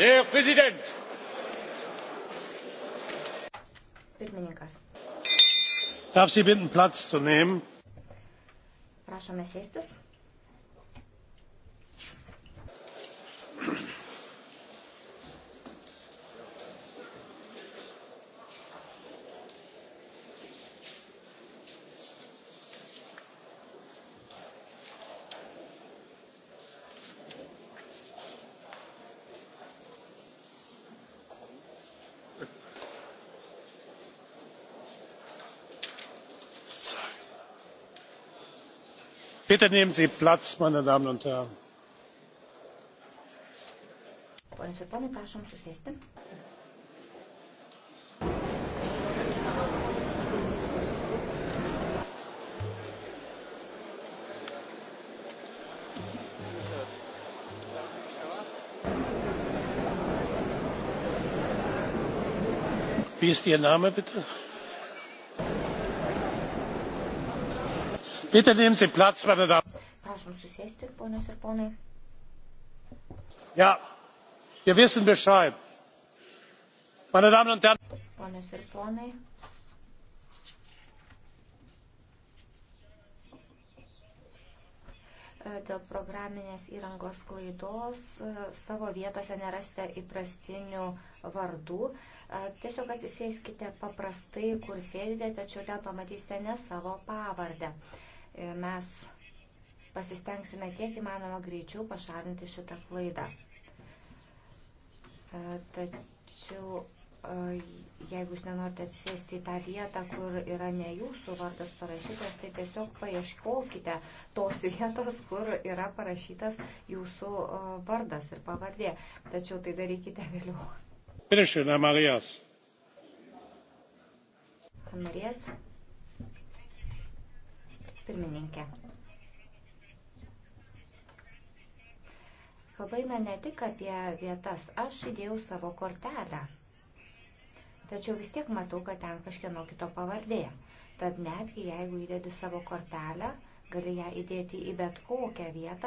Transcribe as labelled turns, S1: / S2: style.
S1: Der Präsident. Pirmininkas.
S2: Darf Sie bitten, Platz zu nehmen?
S1: Prašome sėstis.
S2: bitte nehmen sie platz meine damen und herren!
S1: ponios ir ponai prašom susėsti
S2: wie ist ihr name bitte? Bitte nehmen Sie Platz, meine Damen.
S1: Prašom susėsti, ponios ir ponai.
S2: Ja, wir wissen Bescheid. Meine Damen und Herren.
S1: Ponios ir ponai. Dėl programinės įrangos klaidos e, savo vietose nerasite įprastinių vardų. E, tiesiog atsisėskite paprastai, kur sėdite, tačiau ten pamatysite ne savo pavardę mes pasistengsime kiek įmanoma greičiau pašalinti šitą klaidą. E, tačiau e, jeigu jūs nenorite atsisėsti į tą vietą, kur yra ne jūsų vardas parašytas, tai tiesiog paieškokite tos vietos, kur yra parašytas jūsų e, vardas ir pavardė. Tačiau tai darykite vėliau. Marijas. Marijas pirmininkė. Kalba eina ne tik apie vietas. Aš įdėjau savo kortelę. Tačiau vis tiek matau, kad ten kažkieno kito pavardė. Tad netgi jeigu įdedi savo kortelę, gali ją įdėti į bet kokią vietą.